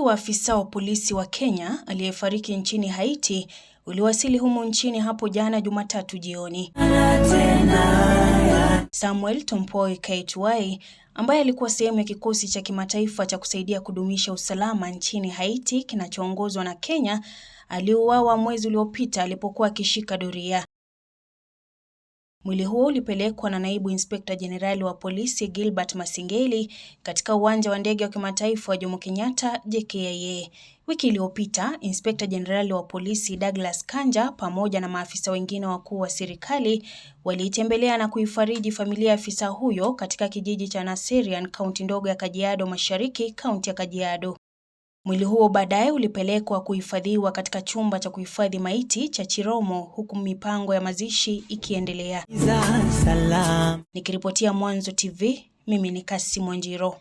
wa afisa wa polisi wa Kenya aliyefariki nchini Haiti uliwasili humu nchini hapo jana Jumatatu jioni. Samuel Tompoi Kaitwai ambaye alikuwa sehemu ya kikosi cha kimataifa cha kusaidia kudumisha usalama nchini Haiti kinachoongozwa na Kenya aliuawa mwezi uliopita alipokuwa akishika doria. Mwili huo ulipelekwa na naibu inspekta jenerali wa polisi Gilbert Masingeli katika uwanja wa ndege wa kimataifa wa Jomo Kenyatta JKIA. Wiki iliyopita, inspekta jenerali wa polisi Douglas Kanja pamoja na maafisa wengine wakuu wa serikali waliitembelea na kuifariji familia ya afisa huyo katika kijiji cha Naserian, kaunti ndogo ya Kajiado Mashariki, kaunti ya Kajiado. Mwili huo baadaye ulipelekwa kuhifadhiwa katika chumba cha kuhifadhi maiti cha Chiromo huku mipango ya mazishi ikiendelea. Nikiripotia Mwanzo TV, mimi ni Kassim Wanjiro.